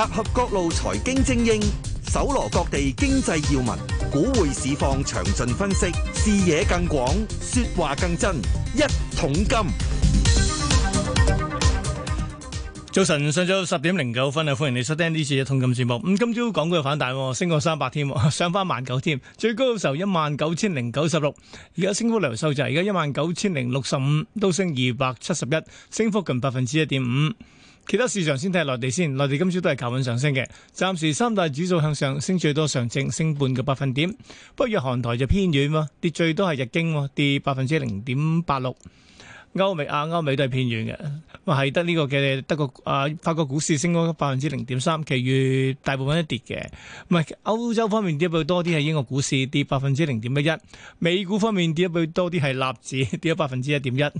集合各路財經精英，搜羅各地經濟要聞，股匯市況詳盡分析，視野更廣，說話更真。一桶金，早晨，上晝十點零九分啊！歡迎你收聽呢次嘅一桶金節目。咁今朝港股又反彈，升過三百添，上返萬九添，最高嘅時候一萬九千零九十六，而家升幅嚟，收就係而家一萬九千零六十五，都升二百七十一，升幅近百分之一點五。其他市場先睇下內地先，內地今朝都係求穩上升嘅。暫時三大指數向上，升最多上證升，升半個百分點。不過韓台就偏遠喎，跌最多係日經跌百分之零點八六。歐美啊，歐美都係偏遠嘅，話係得呢、這個嘅德國啊、法國股市升咗百分之零點三，其餘大部分都跌嘅。唔係歐洲方面跌多啲係英國股市跌百分之零點一一，美股方面跌多啲係納指跌咗百分之一點一。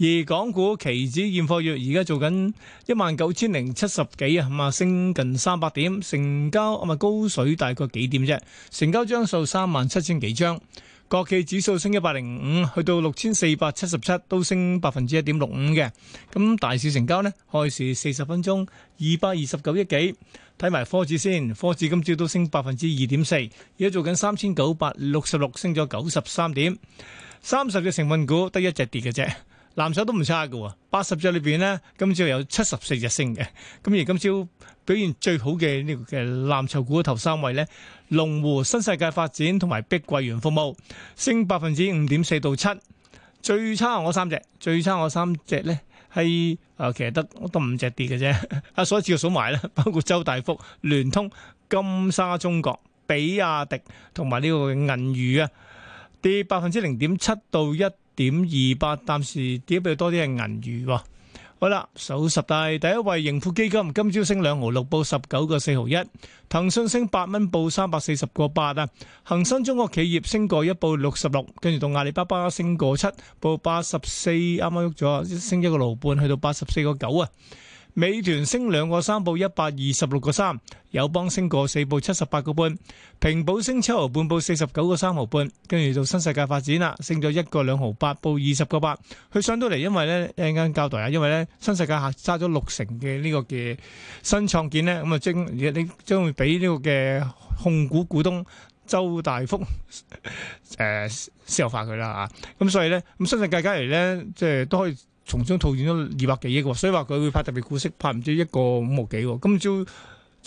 而港股期指現貨月而家做緊一萬九千零七十幾啊，咁啊升近三百點，成交啊嘛高水大概幾點啫？成交張數三萬七千幾張，國企指數升一百零五，去到六千四百七十七，都升百分之一點六五嘅。咁大市成交呢？開市四十分鐘二百二十九億幾。睇埋科指先，科指今朝都升百分之二點四，而家做緊三千九百六十六，升咗九十三點，三十隻成分股得一隻跌嘅啫。藍籌都唔差噶喎，八十隻裏邊咧，今朝有七十四隻升嘅。咁而今朝表現最好嘅呢個嘅藍籌股頭三位咧，龍湖、新世界發展同埋碧桂園服務，升百分之五點四到七。最差我三隻，最差我三隻咧，係啊，其實得得五隻跌嘅啫。啊，所以照數埋啦，包括周大福、聯通、金沙中國、比亞迪同埋呢個銀娛啊，跌百分之零點七到一。點二八，暫時跌比較多啲係銀娛。好啦，首十大第一位盈富基金，今朝升兩毫六，報十九個四毫一。騰訊升八蚊，報三百四十個八啊。恒生中國企業升過一，報六十六，跟住到阿里巴巴升過七，報八十四。啱啱喐咗，升一個六半，去到八十四個九啊。美團升兩個三，報一百二十六個三；友邦升個四，報七十八個半；平保升七毫半，報四十九個三毫半。跟住就新世界發展啦，升咗一個兩毫八，報二十個八。佢上到嚟，因為咧一陣間交代啊，因為咧新世界下揸咗六成嘅呢個嘅新創建咧，咁啊將而家將會俾呢個嘅控股股東周大福 誒私有化佢啦啊。咁所以咧，咁新世界假如咧即係都可以。重新套現咗二百幾億喎，所以話佢會派特別股息，派唔知一個五毫幾喎。今朝。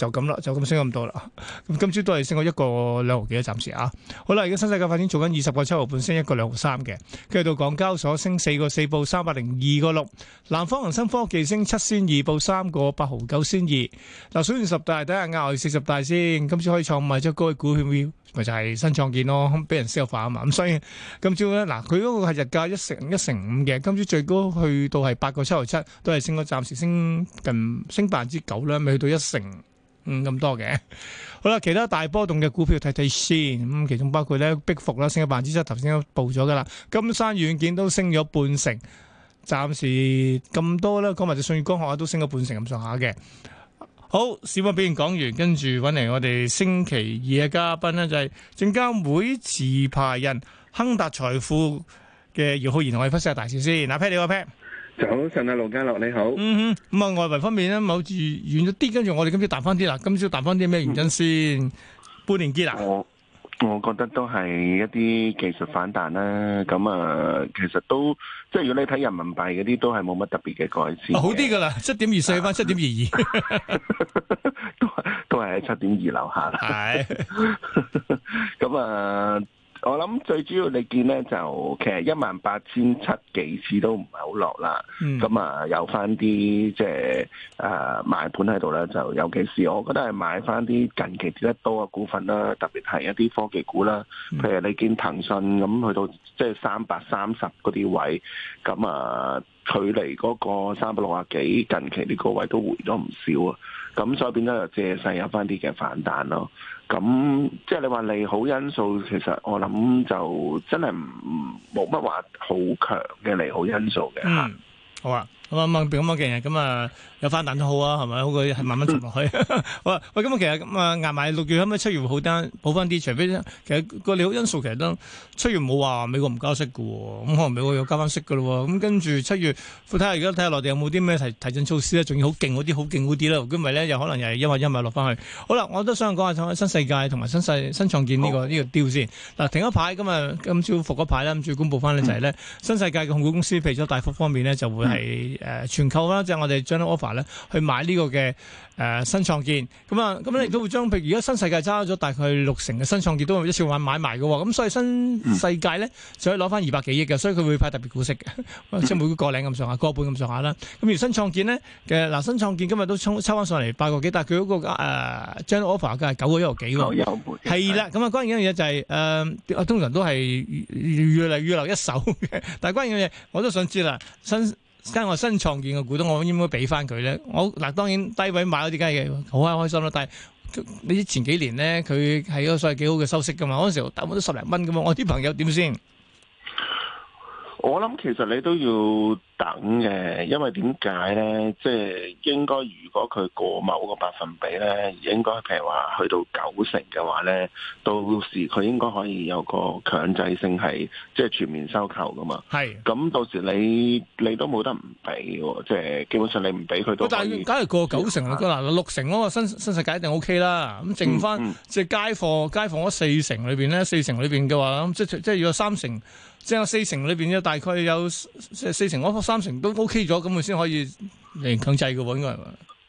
就咁啦，就咁升咁多啦。咁今朝都係升咗一個兩毫幾，暫時啊。好啦，而家新世界發展做緊二十個七毫半升一個兩毫三嘅。跟住到港交所升四個四報三百零二個六。南方恒生科技升七仙二報三個八毫九仙二嗱。選十大睇下亞外四十大先。今朝可以創咪即係高位股票咪就係新創建咯，俾人消化啊嘛。咁所以今朝咧嗱，佢嗰個係日價一成一成五嘅，今朝最高去到係八個七毫七，都係升咗暫時升近升百分之九啦，未去到一成。嗯，咁多嘅，好啦，其他大波動嘅股票睇睇先，咁、嗯、其中包括咧，碧伏啦，升咗百分之七，頭先都報咗噶啦，金山軟件都升咗半成，暫時咁多啦，講埋隻信義光學都升咗半成咁上下嘅，好，市況表現講完，跟住揾嚟我哋星期二嘅嘉賓呢，就係證監會持牌人亨達財富嘅姚浩然同我哋分析下大市先，嗱、啊、，Pie 你好，阿、啊、Pie。早晨，啊，盧家樂你好。嗯哼，咁、嗯、啊、嗯，外圍方面咧，冇住遠咗啲，跟住我哋今朝彈翻啲啦。今朝彈翻啲咩原因先？嗯、半年結啦。哦，我覺得都係一啲技術反彈啦。咁啊，其實都即係如果你睇人民幣嗰啲，都係冇乜特別嘅改善。好啲噶啦，七點二四翻七點二二，都係都係喺七點二樓下啦。係，咁啊。我諗最主要你見咧就其實一萬八千七幾次都唔係好落啦，咁啊、嗯嗯、有翻啲即係啊買盤喺度咧，就尤其是我覺得係買翻啲近期跌得多嘅股份啦，特別係一啲科技股啦。譬如你見騰訊咁去到即係三百三十嗰啲位，咁、嗯、啊。嗯距離嗰個三百六啊幾近期呢個位都回咗唔少啊，咁所以變咗又借勢有翻啲嘅反彈咯。咁即係你話利好因素，其實我諗就真係唔冇乜話好強嘅利好因素嘅嚇、嗯。好啊。咁、嗯、啊，慢咁樣嘅人，咁啊有翻彈都好啊，係咪？好過係慢慢跌落去。喂， 咁、嗯、啊，其實咁啊，捱埋六月後屘七月會，會好啲，補翻啲。除非其實個利好因素其實都七月冇話美國唔加息嘅喎，咁可能美國又加翻息嘅咯。咁跟住七月，睇下而家睇下內地有冇啲咩提提振措施咧，仲要好勁嗰啲，好勁嗰啲咧。如果唔係咧，又可能又係因買因買落翻去。好啦，我都想講下新世界同埋新世新創建呢、這個呢好個 deal 先。嗱、啊，停一排咁啊，今朝復牌啦。咁主要公佈翻咧就係、是、咧，新世界嘅控股公司，譬如咗大幅方面咧，就會係、嗯。誒、呃、全購啦，即係我哋 General offer 咧去買呢個嘅誒、呃、新創建咁啊，咁亦都會將譬如而家新世界揸咗大概六成嘅新創建都一次買一買埋嘅喎，咁所以新世界咧就可以攞翻二百幾億嘅，所以佢會派特別股息嘅，即係每股個零咁上下，個半咁上下啦。咁而新創建咧嘅嗱，新創建今日都抽抽翻上嚟八個幾，但係佢嗰個誒 General、呃、offer 係九個一個幾喎，係啦。咁啊，關鍵嘅嘢就係誒通常都係越嚟越留一手嘅，但係關鍵嘅嘢我都想知啦，新跟我新創建嘅股東，我應該俾翻佢呢？我嗱當然低位買嗰啲梗係嘅，好開心咯。但係你知，前幾年呢，佢係嗰個所謂幾好嘅收息噶嘛。嗰陣時，大部分都十零蚊噶嘛。我啲朋友點先？我諗其實你都要等嘅，因為點解咧？即係應該如果佢過某個百分比咧，應該譬如話去到九成嘅話咧，到時佢應該可以有個強制性係即係全面收購噶嘛。係咁是，到時你你都冇得唔俾、哦，即係基本上你唔俾佢都。但係假如過九成啊，嗱六成嗰個新新世界一定 OK 啦。咁剩翻即係街貨、嗯、街貨嗰四成裏邊咧，四成裏邊嘅話，即即係要有三成。即係四成裏邊，有大概有四,四成，我三成都 O K 咗，咁佢先可以嚟強制嘅喎，應該係嘛？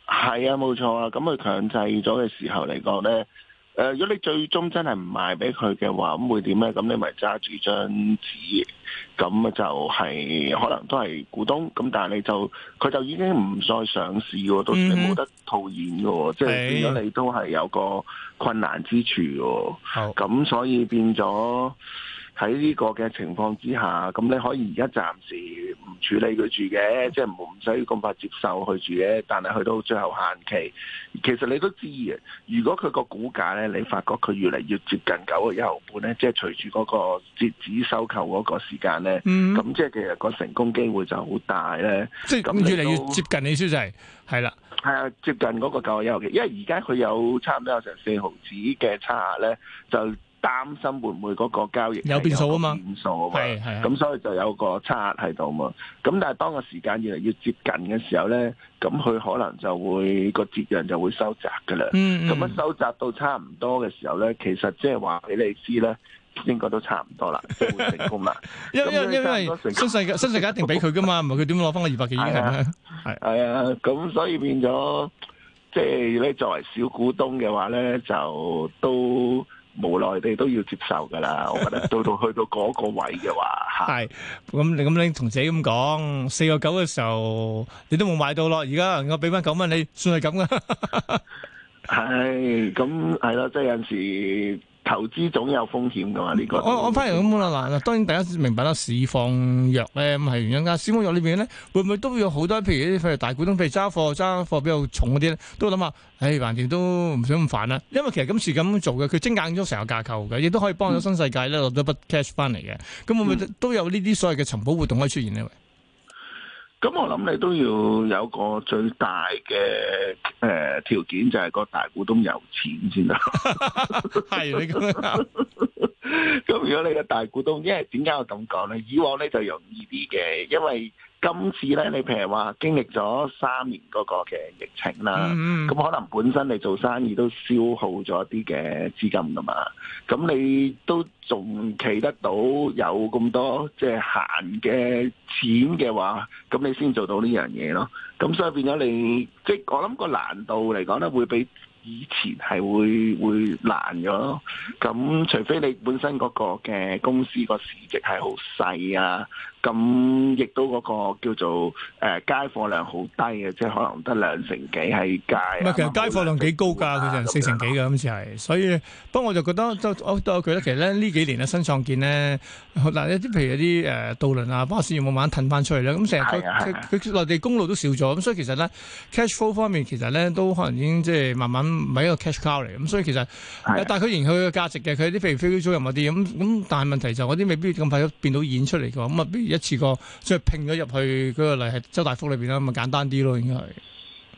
係啊，冇錯啊。咁佢強制咗嘅時候嚟講咧，誒、呃，如果你最終真係唔賣俾佢嘅話，咁會點咧？咁你咪揸住張紙，咁啊就係、是、可能都係股東，咁但係你就佢就已經唔再上市嘅，到時你冇得套現嘅，嗯、即係變咗你都係有個困難之處。好、嗯，咁所以變咗。喺呢個嘅情況之下，咁你可以而家暫時唔處理佢住嘅，即係唔使咁快接受佢住嘅。但係去到最後限期，其實你都知嘅。如果佢個股價咧，你發覺佢越嚟越接近九個一毫半咧，即係隨住嗰個截止收購嗰個時間咧，咁、嗯、即係其實個成功機會就好大咧。即係咁越嚟越接近你，李小姐係啦，係啊，接近嗰個九個一毫半，因為而家佢有差唔多有成四毫子嘅差額咧，就。擔心會唔會嗰個交易有變數啊嘛，變數啊嘛，咁所以就有個差額喺度嘛。咁但係當個時間越嚟越接近嘅時候咧，咁佢可能就會個折讓就會收窄㗎啦。咁樣收窄到差唔多嘅時候咧，其實即係話俾你知咧，應該都差唔多啦，都會成功啦。因為因為因為新世界新世界一定俾佢㗎嘛，唔係佢點攞翻個二百幾億啊？係係啊，咁所以變咗即係你作為小股東嘅話咧，就都。無奈你都要接受噶啦，我覺得到到去到嗰個位嘅話，係咁 你咁你同自己咁講，四個九嘅時候你都冇買到咯，而家我夠俾翻九蚊你，你算係咁啦。係咁係咯，即係有陣時。投資總有風險噶嘛？呢個我我翻嚟咁啦，嗱嗱，當然大家明白啦。市況弱咧，咁係原因噶。市況弱裏邊咧，會唔會都有好多譬如譬如大股東，譬如揸貨揸貨，貨比較重嗰啲咧，都諗下，唉、哎，橫掂都唔想咁煩啦。因為其實今次咁做嘅，佢精簡咗成個架構嘅，亦都可以幫咗新世界咧落咗筆 cash 翻嚟嘅。咁、嗯、會唔會都有呢啲所謂嘅尋寶活動可以出現呢？咁我諗你都要有個最大嘅誒、呃、條件，就係、是、個大股東有錢先啦，係你咁樣講，咁如果你個大股東，因為點解我咁講咧？以往咧就容易啲嘅，因為。今次咧，你譬如話經歷咗三年嗰個嘅疫情啦，咁、mm hmm. 可能本身你做生意都消耗咗啲嘅資金噶嘛，咁你都仲企得到有咁多即係閒嘅錢嘅話，咁你先做到呢樣嘢咯。咁所以變咗你，即、就、係、是、我諗個難度嚟講咧，會比以前係會會難咗咯。咁除非你本身嗰個嘅公司個市值係好細啊。咁亦都嗰個叫做誒、呃、街貨量好低嘅，即係可能得兩成幾喺街啊！唔係，其實街貨量幾高㗎，佢就四成幾嘅咁似係。啊、所以不過我就覺得都都有佢其實呢幾年啊新創建咧，嗱一啲譬如啲誒渡輪啊、巴士有冇慢慢褪翻出嚟咧？咁成日佢內地公路都少咗，咁所以其實咧 cash flow 方面其實咧都可能已經即係慢慢咪一個 cash cow 嚟。咁所以其實但係佢仍佢嘅價值嘅，佢有啲譬如飛機租入嗰啲咁咁，但係問題就嗰啲未必咁快變到現出嚟嘅咁啊必。嗯嗯嗯嗯一次過即係拼咗入去嗰個例如係周大福裏邊啦，咁咪簡單啲咯，應該係。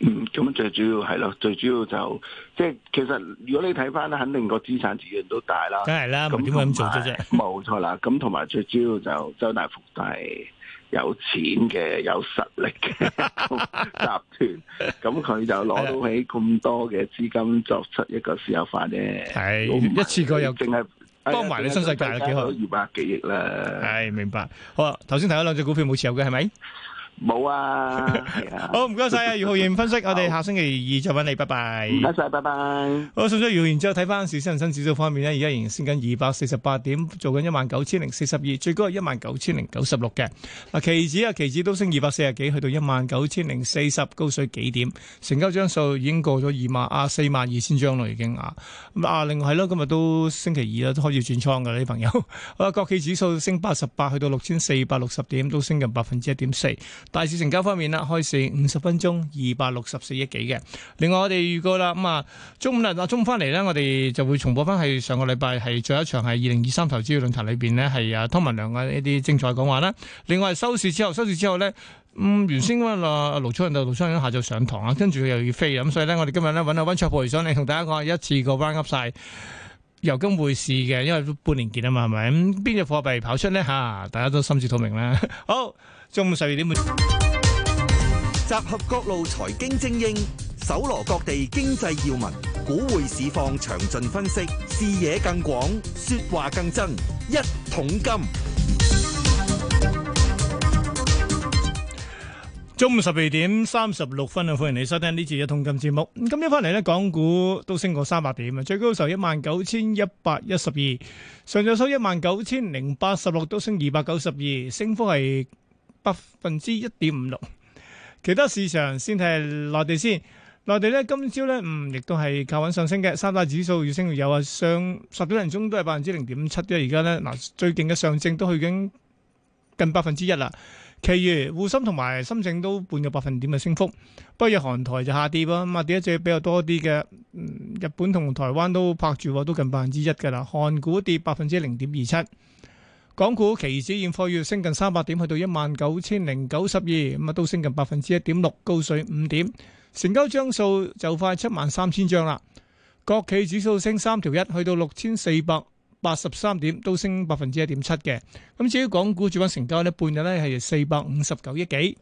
嗯，咁最主要係咯，最主要就即係其實如果你睇翻咧，肯定個資產資源都大啦。梗係啦，咁點解咁做啫？冇錯啦，咁同埋最主要就周大福大，有錢嘅、有實力嘅 集團，咁佢就攞到起咁多嘅資金，作出一個私有化啫。係的一次過又淨係。幫埋你新世界啊，幾多、哎呀？二百幾億啦。係、哎、明白，好啊。頭先睇咗兩隻股票冇持有嘅係咪？冇啊，好唔該晒啊！余、 啊、浩然分析， 我哋下星期二再揾你，拜拜。唔該，拜拜。好，送出余浩然之後，睇翻市恒生指數方面呢，而家仍然升緊二百四十八點，做緊一萬九千零四十二，最高係一萬九千零九十六嘅。嗱，期指啊，期指都升二百四十幾，去到一萬九千零四十，高水幾點？成交張數已經過咗二萬啊，四萬二千張咯，已經啊。咁啊，另外係咯，今日都星期二啦，都開始轉倉嘅啲朋友。好啦，國企指數升八十八，去到六千四百六十點，都升近百分之一點四。大市成交方面啦，開市五十分鐘二百六十四億幾嘅。另外我哋預告啦，咁啊中午啦，啊中午翻嚟呢，我哋就會重播翻係上個禮拜係最後一場係二零二三投資論壇裏邊咧係啊湯文亮嘅呢啲精彩講話啦。另外收市之後，收市之後呢，咁、嗯、原先嗰個盧昌亮，盧昌亮下晝上堂啊，跟住佢又要飛，咁所以呢，我哋今日呢，揾阿温灼培嚟想嚟同大家講一次個 round up 晒。油金匯市嘅，因為半年見啊嘛，係咪？咁邊隻貨幣跑出呢？吓、啊？大家都心知肚明啦。好，中午十二點半，集合各路財經精英，搜羅各地經濟要聞，股匯市況詳盡分析，視野更廣，說話更真，一桶金。中午十二點三十六分啊！歡迎你收聽呢次一桶金節目。咁今日翻嚟咧，港股都升過三百點啊，最高收一萬九千一百一十二，上日收一萬九千零八十六，都升二百九十二，升幅係百分之一點五六。其他市場先睇內地先，內地呢今朝呢，嗯，亦都係靠穩上升嘅，三大指數越升越有啊，上十點零鐘都係百分之零點七啫。而家呢，嗱，最勁嘅上證都去緊近百分之一啦。其餘滬深同埋深證都半個百分點嘅升幅，不過韓台就下跌啦，咁啊跌嘅只比較多啲嘅，嗯，日本同台灣都拍住，都近百分之一嘅啦，韓股跌百分之零點二七，港股期指現貨月升近三百點，去到一萬九千零九十二，咁啊都升近百分之一點六，高水五點，成交張數就快七萬三千張啦，國企指數升三條一，去到六千四百。八十三點都升百分之一點七嘅，咁至於港股主板成交呢，半日呢係四百五十九億幾。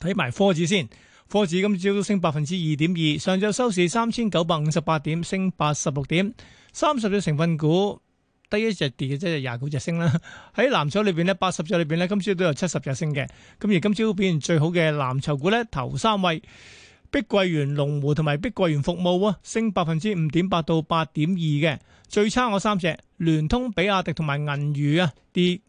睇埋科指先，科指今朝都升百分之二點二，上晝收市三千九百五十八點，升八十六點，三十隻成分股得一隻跌嘅，即係廿九隻升啦。喺藍籌裏邊呢，八十隻裏邊呢，今朝都有七十隻升嘅。咁而今朝表現最好嘅藍籌股呢，頭三位。碧桂園、龍湖同埋碧桂園服務啊，升百分之五點八到八點二嘅，最差我三隻，聯通，比亞迪同埋銀娛，啊跌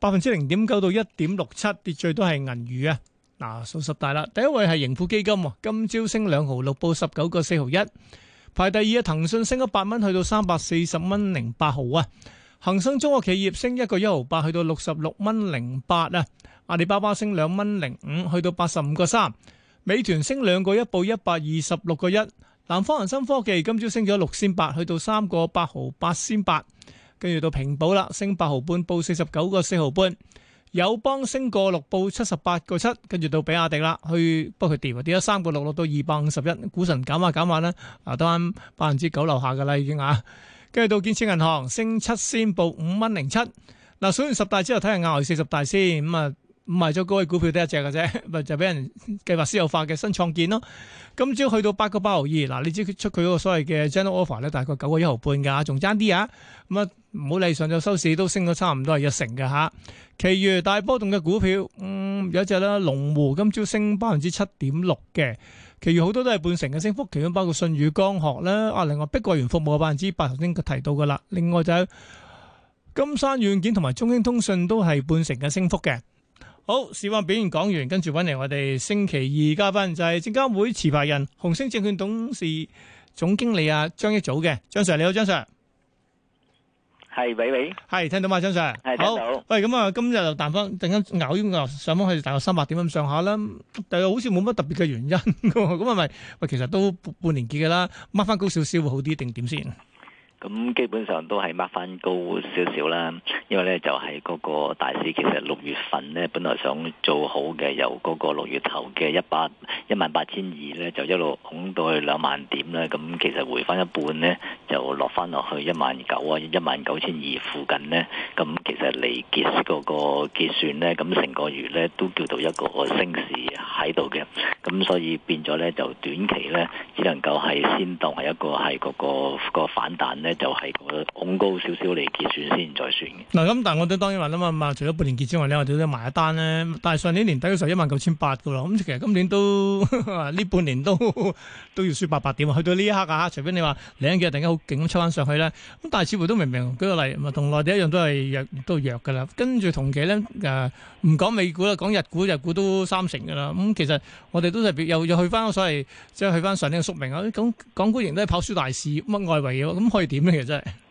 百分之零點九到一點六七，跌最多係銀娛啊。嗱，數十大啦，第一位係盈富基金，今朝升兩毫六，報十九個四毫一，排第二啊，騰訊升咗八蚊去到三百四十蚊零八毫啊，恒生中國企業升一個一毫八去到六十六蚊零八啊，阿里巴巴升兩蚊零五去到八十五個三。美團升兩個一，報一百二十六個一。南方恒生科技今朝升咗六仙八，去到三個八毫八仙八，跟住到平保啦，升八毫半，報四十九個四毫半。友邦升個六，報七十八個七，跟住到比亞迪啦，去幫佢跌，跌6，減來減來啊，跌咗三個六，落到二百五十一。股神減下減下啦，啊得返百分之九樓下噶啦已經啊，跟住到建設銀行升七仙報 5, 0,，報五蚊零七。嗱，數完十大之後，睇下額外四十大先咁啊。嗯唔賣咗高位股票得一隻嘅啫，咪 就俾人計劃私有化嘅新創建咯。今朝去到八個八毫二，嗱，你知佢出佢嗰個所謂嘅 general offer 咧，大概九個一毫半嘅，仲爭啲啊！咁啊，唔好理上晝收市都升咗差唔多係一成嘅嚇。其餘大波動嘅股票，嗯，有一隻啦，龍湖今朝升百分之七點六嘅，其餘好多都係半成嘅升幅，其中包括信宇光學啦。啊，另外碧桂園服務百分之八頭先提到嘅啦，另外就係金山軟件同埋中興通訊都係半成嘅升幅嘅。好，時話表現講完，跟住揾嚟我哋星期二嘉賓就係證監會持牌人、紅星證券董事總經理阿張一祖嘅張 Sir，你好，張 Sir，係喂喂，係聽到嘛？張 Sir，係聽到。喂，咁啊，今日就彈翻，突然間咬咗個上方去大概三百點咁上下啦，但係好似冇乜特別嘅原因噶，咁係咪？喂，其實都半年結噶啦，掹翻高少少會好啲定點先？咁基本上都係掹翻高少少啦，因為咧就係、係、嗰個大市其實六月份咧本來想做好嘅，由嗰個六月頭嘅一百、一萬八千二咧就一路恐到去兩萬點啦，咁其實回翻一半咧就落翻落去一萬九啊，一萬九千二附近咧，咁其實嚟結嗰個結算咧，咁成個月咧都叫做一個個升市喺度嘅，咁所以變咗咧就短期咧只能夠係先當係一個係嗰、嗰個、嗰個反彈。就係個恐高少少嚟結算先再算嗱咁，但係我哋當然話啦嘛，除咗半年結之外咧，我哋都買一單咧。但係上年年底嗰時候一萬九千八噶啦，咁其實今年都呢半年都都要輸八百點，去到呢一刻啊，除非你話兩幾日突然間好勁咁抽翻上去咧，咁但係似乎都明明舉個例，同內地一樣都係弱都弱噶啦。跟住同期咧誒，唔講美股啦，講日股，日股都三成噶啦。咁其實我哋都係又要去翻所謂即係去翻上年嘅宿命啊！咁港股型都係跑輸大市，乜外圍嘢咁可以點咩嘅真係。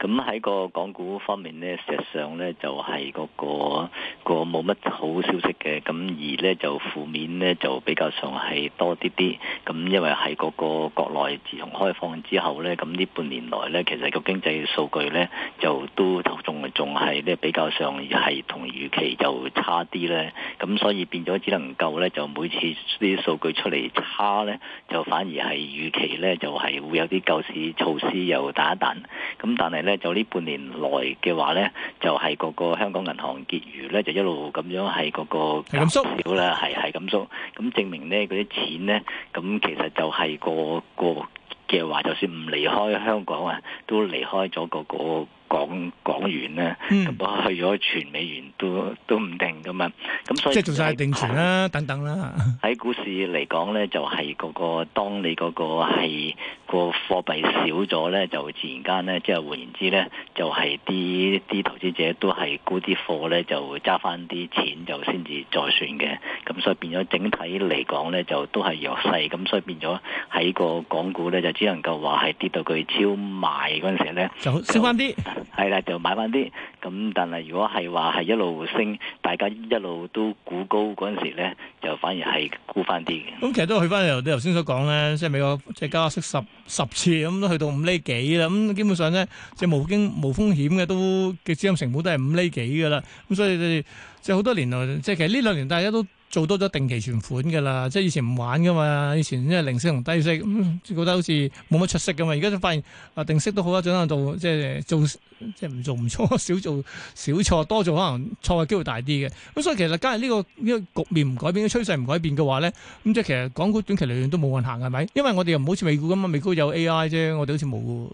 咁喺個港股方面咧，實際上咧，就係嗰個個冇乜好消息嘅，咁而咧就負面咧就比較上係多啲啲。咁因為係嗰個國內自從開放之後咧，咁呢半年來咧，其實個經濟數據咧就都仲仲係咧比較上係同預期就差啲咧。咁所以變咗只能夠咧就每次啲數據出嚟差咧，就反而係預期咧就係會有啲救市措施又打一彈，咁但係咧。就呢半年來嘅話呢就係、是、個個香港銀行結餘呢就一路咁樣係個個減少啦，係係咁縮，咁證明呢嗰啲錢呢，咁其實就係個個嘅話，就算唔離開香港啊，都離開咗個個。講講完咧，咁、嗯、去咗全美元都都唔定噶嘛，咁所以即係做曬定存啦、啊，在等等啦。喺股市嚟講咧，就係、是、嗰、那個當你嗰個係、那個貨幣少咗咧，就自然間咧，即係換言之咧，就係啲啲投資者都係沽啲貨咧，就揸翻啲錢就先至再算嘅。咁所以變咗整體嚟講咧，就都係弱勢咁，所以變咗喺個港股咧，就只能夠話係跌到佢超賣嗰陣時咧，就升翻啲。係啦，就買翻啲咁，但係如果係話係一路升，大家一路都估高嗰陣時咧，就反而係估翻啲嘅。咁、嗯、其實都去翻你頭先所講咧，即係美國即係加息十十次咁都去到五厘幾啦。咁、嗯、基本上咧，即係無經無風險嘅都嘅資金成本都係五厘幾噶啦。咁、嗯、所以即係好多年來，即係其實呢兩年大家都。做多咗定期存款㗎喇，即係以前唔玩㗎嘛，以前即係零息同低息咁、嗯，覺得好似冇乜出息㗎嘛。而家就發現啊，定息都好啊，仲喺度即係做即係唔做唔錯，少做少錯，多做可能錯嘅機會大啲嘅。咁所以其實梗係呢個呢個局面唔改變，啲趨勢唔改變嘅話咧，咁即係其實港股短期嚟講都冇運行係咪？因為我哋又唔好似美股咁啊，美股有 AI 啫，我哋好似冇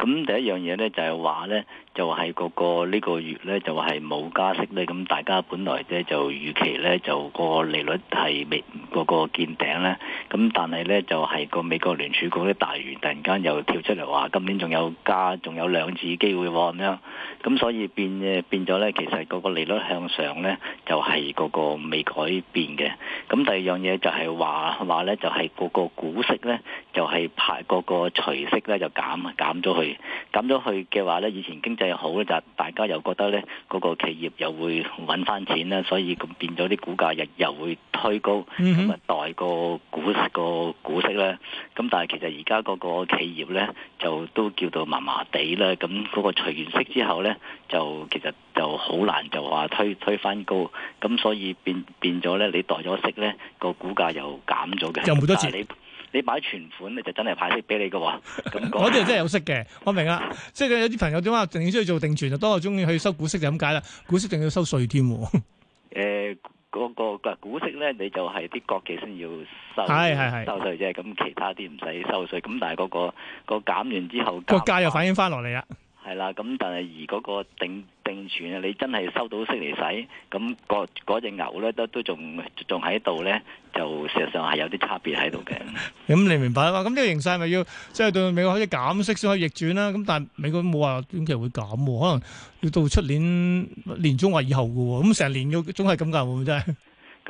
咁第一樣嘢咧就係話咧，就係個個呢個月咧就係冇加息咧，咁大家本來咧就預期咧就個利率係未個個見頂咧，咁但係咧就係個美國聯儲局啲大員突然間又跳出嚟話今年仲有加，仲有兩次機會喎咁樣，咁所以變誒變咗咧，其實個個利率向上咧就係個個未改變嘅。咁第二樣嘢就係話話咧就係個個股息咧就係排個個除息咧就減減咗去。減咗去嘅話呢，以前經濟又好咧就大家又覺得呢嗰個企業又會搵翻錢啦，所以咁變咗啲股價又又會推高，咁啊、mm hmm. 代個股個股息啦，咁但係其實而家嗰個企業呢，就都叫做麻麻地啦，咁嗰個除完息之後呢，就其實就好難就話推推翻高，咁所以變變咗呢，你代咗息呢個股價又減咗嘅，你買存款咧就真係派息俾你嘅，咁講、嗰個、 我啲真係有息嘅，我明啦，即係有啲朋友點啊，淨係需要做定存，就多過中意去收股息就咁解啦，股息仲要收稅添。誒、欸，嗰、嗰個股息咧，你就係啲國企先要收，係係係收稅啫，咁其他啲唔使收稅，咁但係嗰、嗰個、嗰個嗰個減完之後完，個價又反映翻落嚟啦。嗱，咁但係而嗰個定定存，你真係收到息嚟使，咁嗰嗰隻牛咧都都仲仲喺度咧，就事實上係有啲差別喺度嘅。咁 你明白嘛？咁呢個形勢咪要即係、就是、對美國開始減息先可以逆轉啦、啊。咁但係美國冇話短期會減喎、啊，可能要到出年年中或以後嘅喎、啊。咁成年要總係咁㗎喎，真係。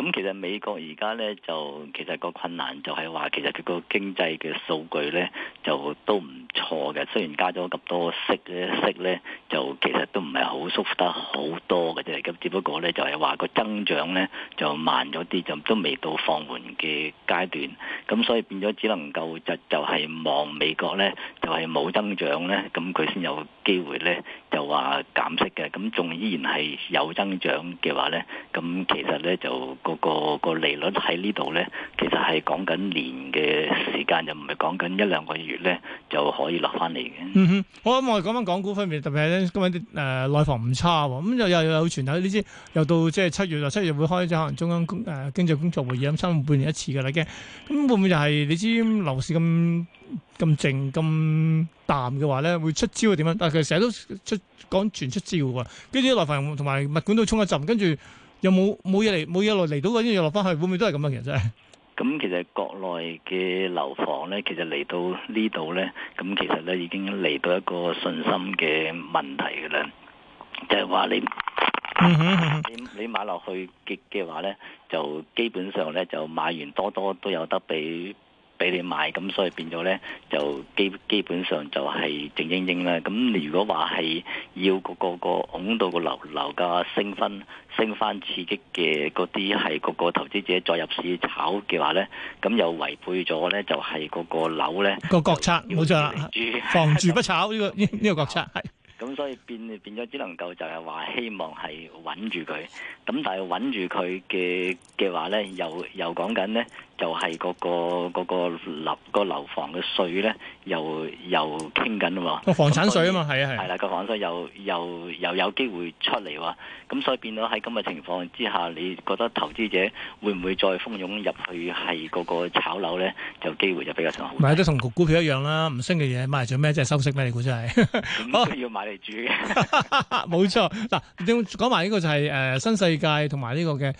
咁其實美國而家咧就其實個困難就係話其實佢個經濟嘅數據咧就都唔錯嘅，雖然加咗咁多息咧息咧就其實都唔係好舒服得好多嘅啫，咁只不過咧就係話個增長咧就慢咗啲，就都未到放緩嘅階段，咁所以變咗只能夠就就係望美國咧就係冇增長咧，咁佢先有機會咧，就話減息嘅，咁仲依然係有增長嘅話咧，咁其實咧就嗰個個利率喺呢度咧，其實係講緊年嘅時間，就唔係講緊一兩個月咧就可以落翻嚟嘅。嗯哼，好，咁我諗我哋講翻港股方面，特別係今日誒內房唔差喎，咁又又有傳頭，你知又到即係七月啊，七月會開咗可能中央工誒經濟工作會議，咁差半年一次㗎啦嘅，咁會唔會就係你知樓市咁？咁靜咁淡嘅話咧，會出招啊？點樣？但係佢成日都出講全出招喎。跟住內房同埋物管都衝一陣，跟住又冇冇嘢嚟，冇嘢來嚟到嘅嘢落翻去，會唔會都係咁樣？其實真係。咁其實國內嘅樓房咧，其實嚟到呢度咧，咁其實咧已經嚟到一個信心嘅問題嘅啦，即係話你你你買落去嘅嘅話咧，就基本上咧就買完多多都有得俾。俾你買咁，所以變咗咧就基基本上就係靜英英啦。咁如果話係要個個個拱到個樓樓價升翻升翻刺激嘅嗰啲係個個投資者再入市炒嘅話咧，咁又違背咗咧就係、是、個個樓咧個國策冇錯啦，房住不炒呢個呢個國策。咁 所以變變咗只能夠就係話希望係穩住佢。咁但係穩住佢嘅嘅話咧，又又講緊咧。就係嗰個嗰個樓個樓房嘅稅咧，又又傾緊喎。個房產稅啊嘛，係啊係。係啦，個房產稅又又又有機會出嚟喎。咁所以變到喺咁嘅情況之下，你覺得投資者會唔會再蜂擁入去係個個炒樓咧？就機會就比較上好。買都同股股票一樣啦，唔升嘅嘢買嚟做咩？即係收息咩？你估真係？唔需要買嚟住嘅。冇錯嗱，講埋呢個就係誒新世界同埋呢個嘅。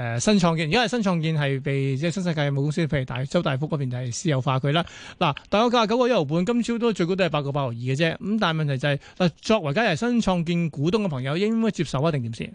誒新創建，而家係新創建係被即係新世界嘅母公司，譬如大周大福嗰邊，就係私有化佢啦。嗱，大約九廿九個一毫半，今朝都最高都係八個八毫二嘅啫。咁但係問題就係，嗱，作為今日新創建股東嘅朋友，應該接受啊定點先？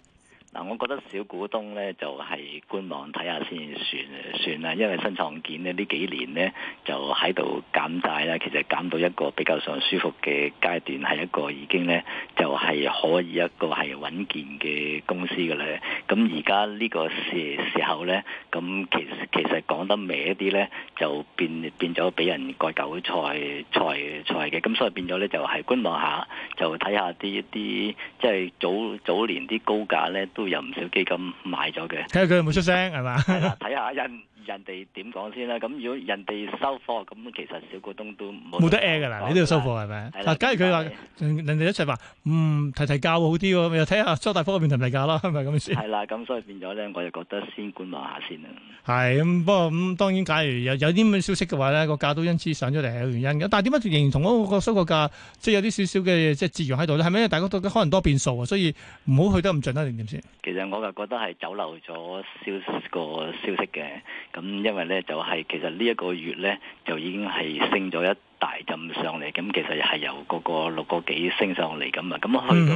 嗱、啊，我覺得小股東咧就係、是、觀望睇下先算算啦，因為新創建咧呢幾年咧就喺度減債啦，其實減到一個比較上舒服嘅階段，係一個已經咧就係、是、可以一個係穩健嘅公司嘅咧。咁而家呢個時時候咧，咁其實其實講得歪一啲咧，就變變咗俾人割韭菜菜菜嘅。咁所以變咗咧就係、是、觀望下，就睇下啲一啲即係早早年啲高價咧都。有唔少基金買咗嘅，睇下佢有冇出聲係嘛？睇下人人哋點講先啦。咁如果人哋收貨，咁其實小股東都唔冇得㗎啦，你都要收貨係咪？嗱，假如佢話人哋一齊話，嗯提提價好啲喎，咁又睇下周大福嗰邊提唔提價啦，咪咁先。係啦，咁所以變咗咧，我就覺得先觀望下先啦。係、嗯，不過咁、嗯、當然，假如有有啲咁嘅消息嘅話咧，個價都因此上咗嚟係有原因嘅。但係點解仍然同嗰個收貨價即係有啲少少嘅即係折讓喺度咧？係咪大家可能多變數啊？所以唔好去得咁盡得定點先？其實我就覺得係走漏咗消個消息嘅，咁因為咧就係、是、其實呢一個月咧就已經係升咗一大浸上嚟，咁其實係由嗰個六個幾升上嚟咁啊，咁去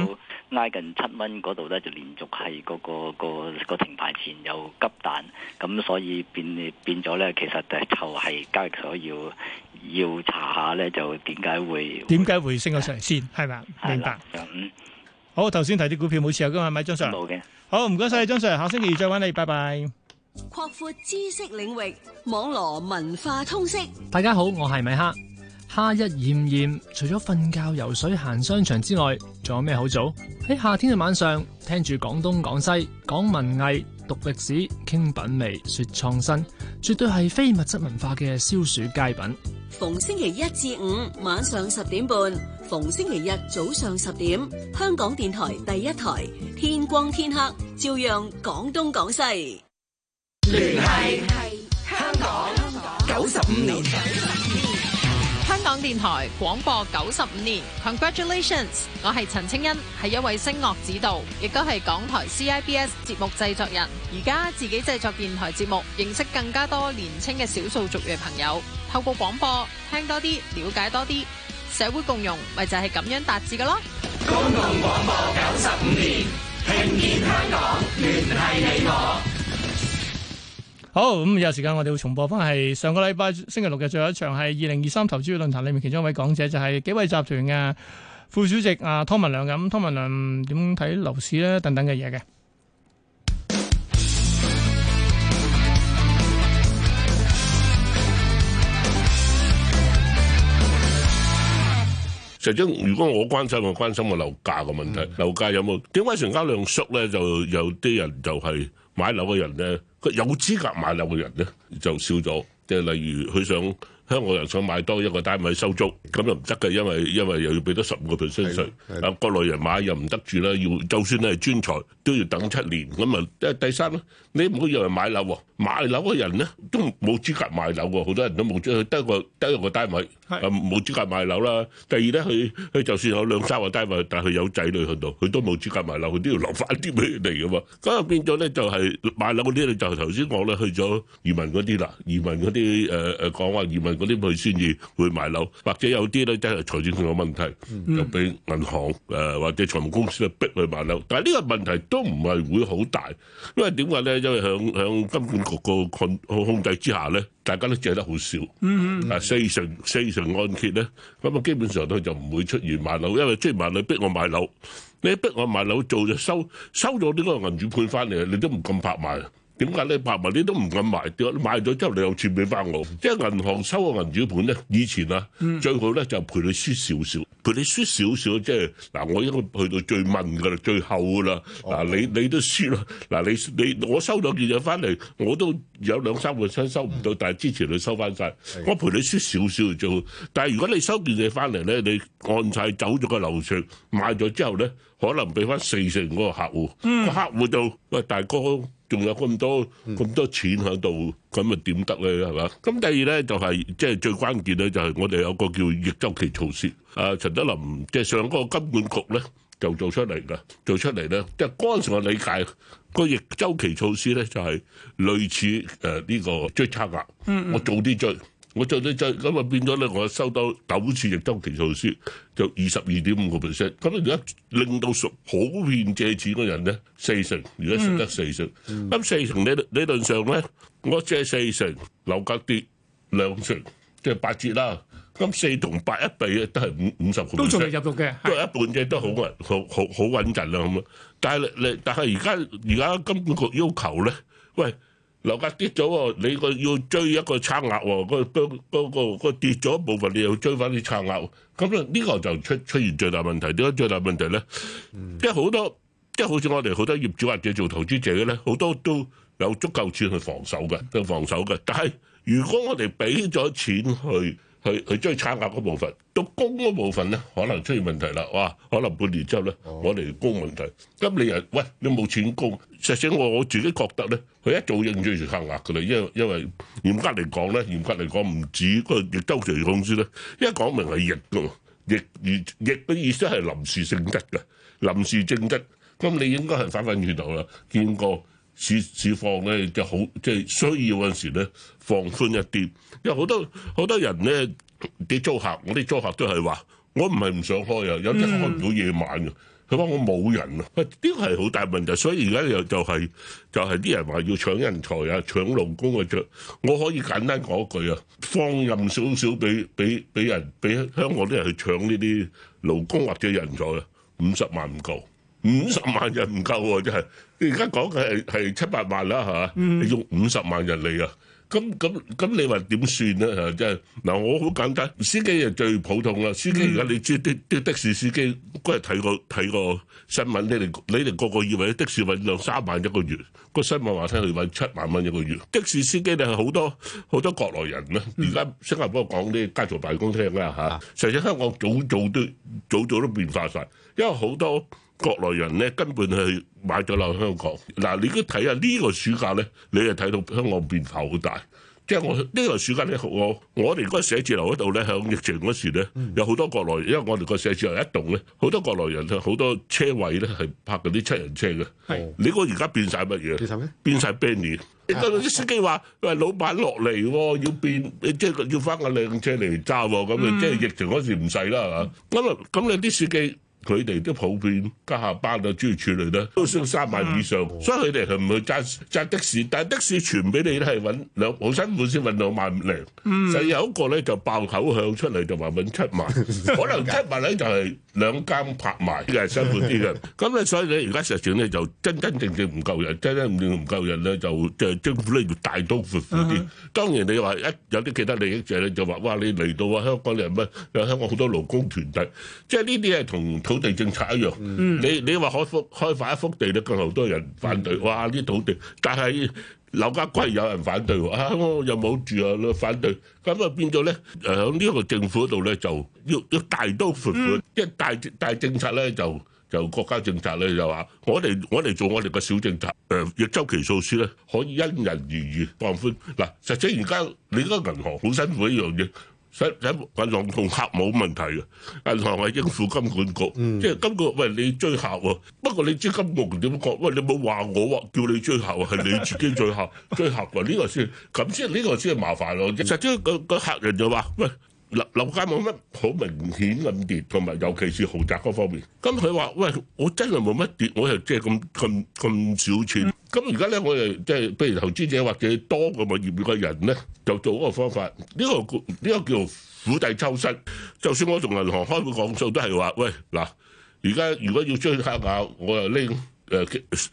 到挨近七蚊嗰度咧就連續係、嗰個、嗰個、嗰個停牌前有急彈，咁所以變變咗咧，其實就係交易所要要查下咧，就點解會點解會升咗上嚟先係嘛？明白咁。好，頭先提啲股票，每次有嘅係咪張 Sir？冇嘅。好，唔該晒張 Sir，下星期再揾你，拜拜。擴闊知識領域，網羅文化通識。大家好，我係米哈。夏日炎炎，除咗瞓覺、游水、行商場之外，仲有咩好做？喺夏天嘅晚上，聽住廣東、廣西講文藝、讀歷史、傾品味、說創新，絕對係非物質文化嘅消暑佳品。逢星期一至五晚上十點半，逢星期日早上十點，香港電台第一台，天光天黑照樣講東講西，聯繫香港九十五年。香港電台廣播九十五年，Congratulations！我係陳清恩，係一位聲樂指導，亦都係港台 CIBS 節目製作人。而家自己製作電台節目，認識更加多年青嘅少數族裔朋友，透過廣播聽多啲，了解多啲，社會共融咪就係、是、咁樣達至噶咯。公共廣播九十五年，聽見香港，聯繫你我。好，咁有時間我哋會重播翻係上個禮拜星期六嘅，最後一場係二零二三投資論壇裏面，其中一位講者就係幾位集團嘅副主席啊，湯文亮。咁湯文亮點睇樓市咧？等等嘅嘢。嘅實際，如果我關心，我關心個樓價嘅問題，樓價有冇，點解成交量縮咧？就有啲人就係，買樓嘅人咧，佢有資格買樓嘅人咧，就少咗。即係例如佢想。香港人想買多一個單位收租，咁又唔得嘅，因為因為又要俾多十五個 percent 稅。啊，國內人買又唔得住啦，要就算咧係專才都要等七年咁啊。第三咧，你唔好以為買樓，買樓嘅人咧都冇資格買樓喎，好多人都冇資格，得一個得一個單位啊冇資格買樓啦。第二咧，佢佢就算有兩三個單位，但係佢有仔女喺度，佢都冇資格買樓，佢都要留翻啲俾嚟嘅喎。咁變咗咧就係買樓嗰啲咧就頭先講啦，去咗移民嗰啲啦，移民嗰啲誒誒講話移民。嗰啲佢先至會買樓，或者有啲咧即係財政性嘅問題，就俾銀行誒或者財務公司啊逼佢買樓。但係呢個問題都唔係會好大，因為點解咧？因為響響金管局個控控制之下咧，大家都借得好少，啊四成四成按揭咧，咁啊基本上佢就唔會出現買樓，因為追買樓逼我買樓，你逼我買樓做就收收咗呢個銀主盤翻嚟啊，你都唔敢拍賣。點解你拍埋你都唔敢賣啲？你賣咗之後，你又轉俾翻我。即係銀行收個銀主盤咧，以前啊，最好咧就賠你輸少少，賠你輸少少。即係嗱，我應該去到最問噶啦，最後噶啦。嗱，你你都輸啦。嗱，你你我收咗件嘢翻嚟，我都有兩三個親收唔到，但係之前你收翻曬。我賠你輸少少就。但係如果你收件嘢翻嚟咧，你按曬走咗個流程買咗之後咧，可能俾翻四成嗰個客戶。個客戶就喂，大哥。仲有咁多咁多錢喺度，咁咪點得咧？係嘛？咁第二咧就係即係最關鍵咧，就係我哋有個叫逆週期措施。啊，陳德霖即係上嗰個金管局咧，就做出嚟喇，做出嚟咧。即係嗰陣時我理解個逆週期措施咧，就係類似誒呢個追差額，我早啲追。我就就咁啊，變咗咧，我收到九次逆周期措施，就二十二點五個 percent。咁你而家令到熟普遍借錢嗰人咧，四成，而家升得四成。咁四成理理論上咧，我借四成樓價跌兩成，即係八折啦。咁四同八一比咧，都係五五十個 percent。都仲係入讀嘅，都係一半啫，都好啊，好好好穩陣啦咁啊！但係你但係而家而家金管局要求咧，喂～樓價跌咗喎，你個要追一個差額喎，個個嗰個個跌咗部分，你又追翻啲差額，咁樣呢個就出出現最大問題。點解最大問題咧？即係好多，即係好似我哋好多業主或者做投資者嘅咧，好多都有足夠錢去防守嘅，都防守嘅。但係如果我哋俾咗錢去，佢佢追差額嗰部分，到供嗰部分咧，可能出現問題啦。哇，可能半年之後咧，我哋供問題。咁你又喂，你冇錢供，實質我我自己覺得咧，佢一早應追住差額嘅啦。因為因為嚴格嚟講咧，嚴格嚟講唔止個逆週期公司咧，因為講明係逆㗎，逆意逆嘅意思係臨時性質嘅，臨時性質。咁你應該係反反轉頭啦，見過。市市況咧就好，即係需要嗰陣時咧放寬一啲，因為好多好多人咧啲租客，我啲租客都係話，我唔係唔想開啊，有啲開唔到夜晚嘅，佢話、嗯、我冇人啊，呢個係好大問題，所以而家又就係、是、就係、是、啲人話要搶人才啊，搶勞工啊，啫我可以簡單講一句啊，放任少少俾俾俾人俾香港啲人去搶呢啲勞工或者人才啊，五十萬唔夠。五十萬人唔夠喎，真係！而家講嘅係係七百萬啦、啊，嚇、啊。你、嗯、用五十萬人嚟啊？咁咁咁，你話點算咧？嚇、啊，即係嗱，我好簡單。司機就最普通啦。司機而家你知啲、嗯、的，的士司機，嗰日睇過睇過新聞，你哋你哋個個以為的士揾兩三萬一個月，個新聞話聽佢揾七萬蚊一個月。的士司機你係好多好多國內人啦。而家新加坡講啲家族辦公廳啦嚇，實、啊、際、嗯、香港早早都早早都變化晒，因為好多。國內人咧，根本係買咗樓香港。嗱你都睇下呢個暑假咧，你就睇到香港變化好大。即係我呢、嗯、個暑假咧，我我哋嗰個寫字樓嗰度咧，響疫情嗰時咧，有好多國內人，因為我哋個寫字樓一棟咧，好多國內人好多車位咧係泊嗰啲七人車嘅。係、嗯，你估而家變晒乜嘢？變晒咩？變曬 beni。啲司機話：喂， 老闆落嚟喎，要變，即係要翻個靚車嚟揸喎。咁啊，即係疫情嗰時唔使啦嚇。咁啊、嗯，咁你啲司機？佢哋都普遍家下班就主要處理咧，都升三萬以上，所以佢哋係唔去揸揸的士，但係的士全俾你咧係揾兩好辛苦先揾到萬零。嗯，就有一個咧就爆口向出嚟就話揾七萬，可能七萬咧就係兩間拍埋嘅辛苦啲嘅。咁咧所以你而家實情咧就真真正正唔夠人，真真正正唔夠人咧就即係政府咧要大刀闊斧啲。當然你話一有啲其他利益者咧就話哇你嚟到啊香港你係乜有香港好多勞工團體，即係呢啲係同。土地政策一樣，你你話開幅開發一幅地咧，咁好多人反對，哇！啲土地，但係樓價貴，有人反對，啊，又冇住啊，反對，咁啊變咗咧，喺呢個政府度咧，就要要大刀闊斧，即係大大政策咧，就就國家政策咧，就話我哋我哋做我哋個小政策，誒，嘅週期數字咧，可以因人而異放寬。嗱，實際而家你個銀行好辛苦一樣嘢。使銀行同客冇問題嘅，銀行係應付金管局，即係金局。喂，你追客喎、啊，不過你知金局點講？喂，你冇話我喎、啊，叫你追客喎、啊，係你自己追客 追客喎、啊，呢、呢個先咁先呢個先係麻煩咯、啊。實即係個個客人就話，喂。樓樓價冇乜好明顯咁跌，同埋尤其是豪宅嗰方面。咁佢話：喂，我真係冇乜跌，我又即係咁咁咁少錢。咁而家咧，我哋即係譬如投資者或者多個物業嘅人咧，就做嗰個方法。呢、呢個呢、呢個叫釜底抽薪。就算我同銀行開會講數，都係話：喂，嗱，而家如果要追蝦咬，我又拎誒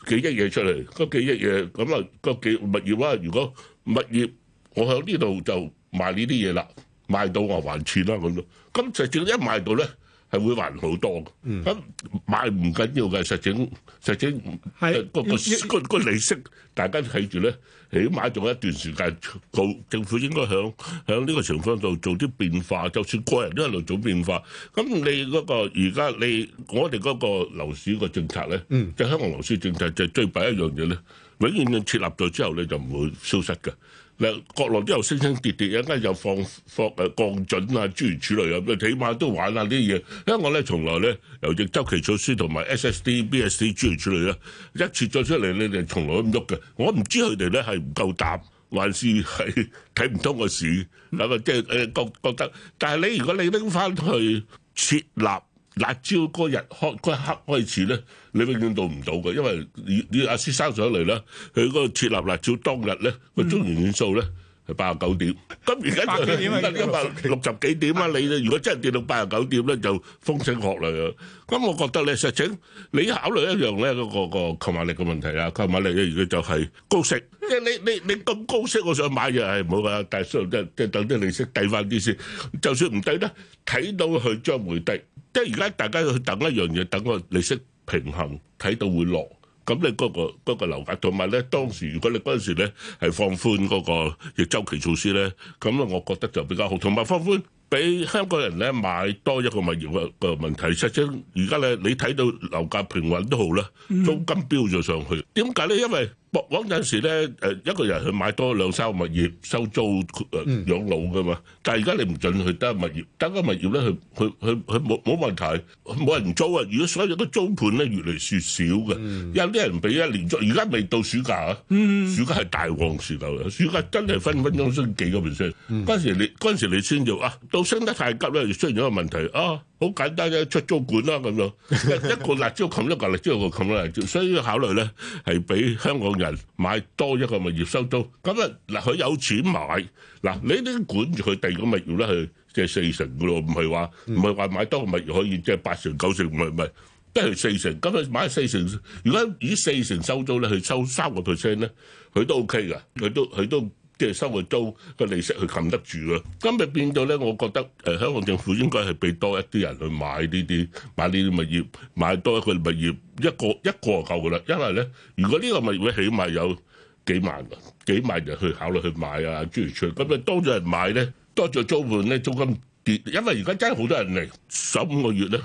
幾億嘢出嚟，個幾億嘢咁啊個幾物業啦、啊。如果物業我喺呢度就賣呢啲嘢啦。賣到我還錢啦咁咯，咁實際一賣到咧係會還好多嘅。咁、嗯、賣唔緊要嘅，實際實際、呃、是個個個個利息大家睇住咧，起碼仲有一段時間，個政府應該響響呢個情況度做啲變化，就算個人都喺度做變化。咁你嗰、嗰個而家你我哋嗰個樓市個政策咧，嗯、就香港樓市政策就是、最弊一樣嘢咧，永遠設立咗之後咧就唔會消失嘅。嗱，國內都有升升跌跌，一陣間又放放誒降準啊，諸如此類咁，起碼都玩下啲嘢。因為我咧從來咧由只周期措施同埋 S S D B S D 諸如此類咧，一切再出嚟，你哋從來都唔喐嘅。我唔知佢哋咧係唔夠膽，還是係睇唔通個市，諗啊即係誒覺覺得。但係你如果你拎翻去設立。辣椒嗰日開嗰一刻開始咧，你永遠做到唔到嘅，因為你你阿師生上嚟啦，佢嗰個設立辣椒當日咧個中年元，元素咧。嗯係八十九點，咁而家一百六十幾點啊！你如果真係跌到八十九點咧，就風聲鶴唳啦！咁我覺得你，實情你考慮一樣咧，嗰個個購買力嘅問題啦，購買力咧，如果就係高息，即係你你你咁高息，我想買嘢係唔好啊！但係即係即係等啲利息低翻啲先，就算唔低咧，睇到佢將會低，即係而家大家去等一樣嘢，等個利息平衡，睇到會落。咁你嗰個嗰個樓價，同埋咧當時，如果你嗰陣時咧係放寬嗰個逆周期措施咧，咁咧我覺得就比較好。同埋放寬俾香港人咧買多一個物業嘅個問題，實際而家咧你睇到樓價平穩都好啦，租金飆咗上去，點解咧？因為嗰陣時咧，誒一個人去買多兩三個物業收租，誒養老噶嘛。但係而家你唔準去得物業，得個物業咧，佢佢佢佢冇冇問題，冇人租啊。如果所有都租盤咧，越嚟越少嘅。有啲人俾一年租，而家未到暑假啊，暑假係大旺時候嘅，暑假真係分分鐘升幾個 percent。嗰陣時你嗰陣時你先要啊，到升得太急咧，出現咗個問題啊。好簡單啫，出租管啦咁樣，一個辣椒冚一個辣椒，個冚咗辣椒，所以考慮咧係俾香港人買多一個物業收租，咁啊嗱佢有錢買嗱你已經管住佢，第二個物業咧係即係四成嘅咯，唔係話唔係話買多個物業可以即係八成九成，唔係唔係都係四成。咁佢買四成，如果以四成收租咧，佢收三個 percent 咧，佢都 OK 嘅，佢都佢都。即係收個租個利息去冚得住嘅，今日變咗咧？我覺得誒香港政府應該係俾多一啲人去買呢啲買呢啲物業，買多一個物業一個一個就夠嘅啦。因為咧，如果呢個物業佢起碼有幾萬，幾萬人去考慮去買啊，諸如出咁咪多咗人買咧，多咗租盤咧，租金跌，因為而家真係好多人嚟，十五個月咧。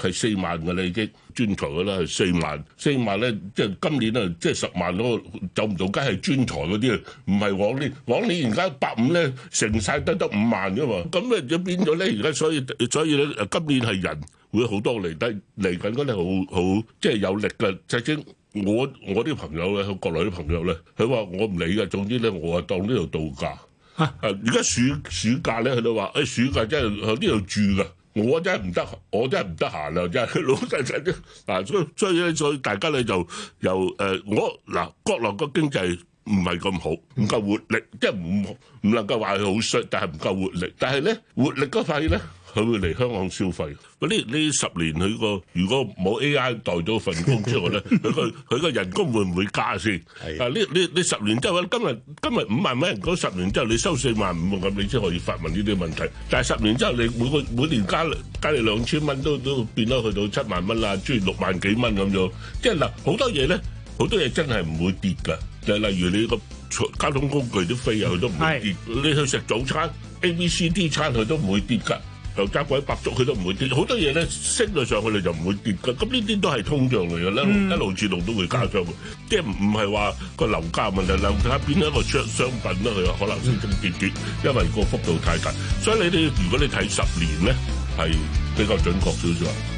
係四萬嘅啦，已經專才嘅啦，係四萬四萬咧，即係今年啊，即係十萬咯，走唔到街係專才嗰啲啊，唔係往年往年而家百五咧，成晒得得五萬嘅嘛，咁就變咗咧？而家所以所以咧，今年係人會好多嚟得嚟緊嗰啲好好即係有力嘅，即係我我啲朋友咧，喺國內啲朋友咧，佢話我唔理嘅，總之咧我啊當呢度度假而家哈、啊、暑暑假咧，佢都話誒、哎、暑假真係喺呢度住㗎。我真係唔得，我真係唔得閒啦，真係老細真係，嗱，所以所以咧，所以大家咧就又誒，我嗱，國內個經濟唔係咁好，唔夠活力，即係唔唔能夠話佢好衰，但係唔夠活力，但係咧活力嗰塊咧。佢會嚟香港消費。嗰呢呢十年佢個如果冇 AI 代咗份工之後咧，佢個佢個人工會唔會加先？係。但係呢呢呢十年之後咧，今日今日五萬蚊人工，十年之後你收四萬五咁，你先可以發問呢啲問題。但係十年之後你每個每年加加你兩千蚊，都都變咗去到七萬蚊啦，即係六萬幾蚊咁樣。即係嗱，好多嘢咧，好多嘢真係唔會跌㗎。就例如你個交通工具啲費啊，佢都唔會跌。你去食早餐 A、B、C、D 餐，佢都唔會跌㗎。油炸鬼白粥，佢都唔會跌。好多嘢咧升咗上去，你就唔會跌嘅。咁呢啲都係通脹嚟嘅咧，一路自動都會加上去。即係唔唔係話個樓價問題，樓價變咗個商品咧，佢可能升升跌跌，因為個幅度太大。所以你哋如果你睇十年咧，係比較準確少少。